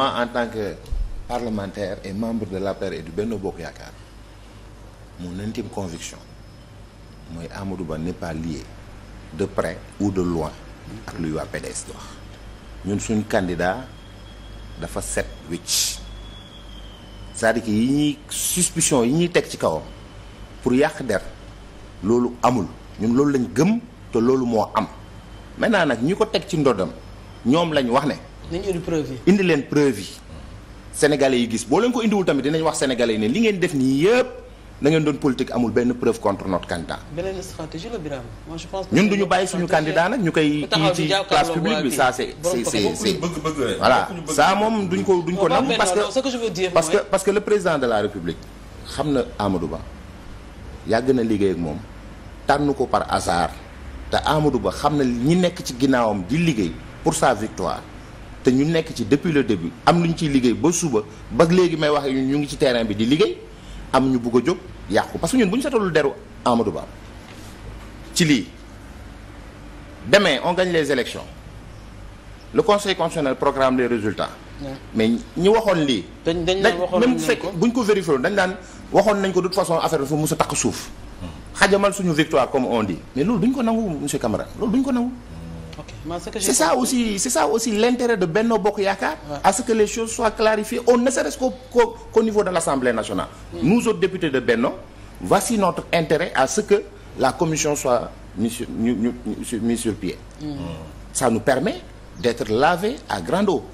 moi en tant que parlementaire et membre de l'APR et du Benno Bokk Yaakaar mon intime conviction mooy Amadou Ba n'est pas de près ou de loin ak luy waa PDS di wax ñun suñ candidat dafa set wicc cest à yi ñuy suspicion yi ñuy teg ci kawam pour yàq der loolu amul ñun loolu lañ gëm te loolu moo am maintenant nag ñi ko teg ci ndodam ñoom lañ wax ne nañu indi preuve yi. indi leen preuve yi sénégalais yi gis boo leen ko indiwul tamit dinañ wax sénégalais yi ne li ngeen def nii yëpp da ngeen doon politique amul benn preuve contre notre candidat. beneen stratégie la Birame moi je pense. ñun du ñu bàyyi suñu candidat nag ñu koy. kii ci place publique bi ça moom ko duñ ko nangu parce que parce que parce que le président de la république xam na amadu Ba yàgg na liggéey ak moom tànn ko par hasard te Amadou Ba xam na ñi nekk ci ginnaawam di liggéey pour sa victoire te ñu nekk ci depuis le début am lu ñu ciy liggéey ba suba ba léegi may wax ñu ngi ci terrain bi di liggéey am ñu bugg a jóg yàqu parce que ñun bu ñu setalul deru Amadou Ba ci lii demain on gagne les élections le conseil constitutionnel programme les résultats. mais ñi waxoon lii. dañ dañ même fekk bu ñu ko vérifié dañ daan waxoon nañ ko de toute façon affaire dafa mos a takk suuf. Hmm. xajamal suñu victoire comme on dit. mais loolu duñ ko nangu monsieur Camara loolu duñ ko nangu. Okay. c'est ça aussi c'est ça aussi l'intérêt de Benno Bokk Yaakaar ouais. à ce que les choses soient clarifiées on ne serait-ce qu'au niveau de l'Assemblée nationale mm. nous autres députés de Benno voici notre intérêt à ce que la commission soit mise sur, mise sur pied mm. ça nous permet d'être lavé à grande eau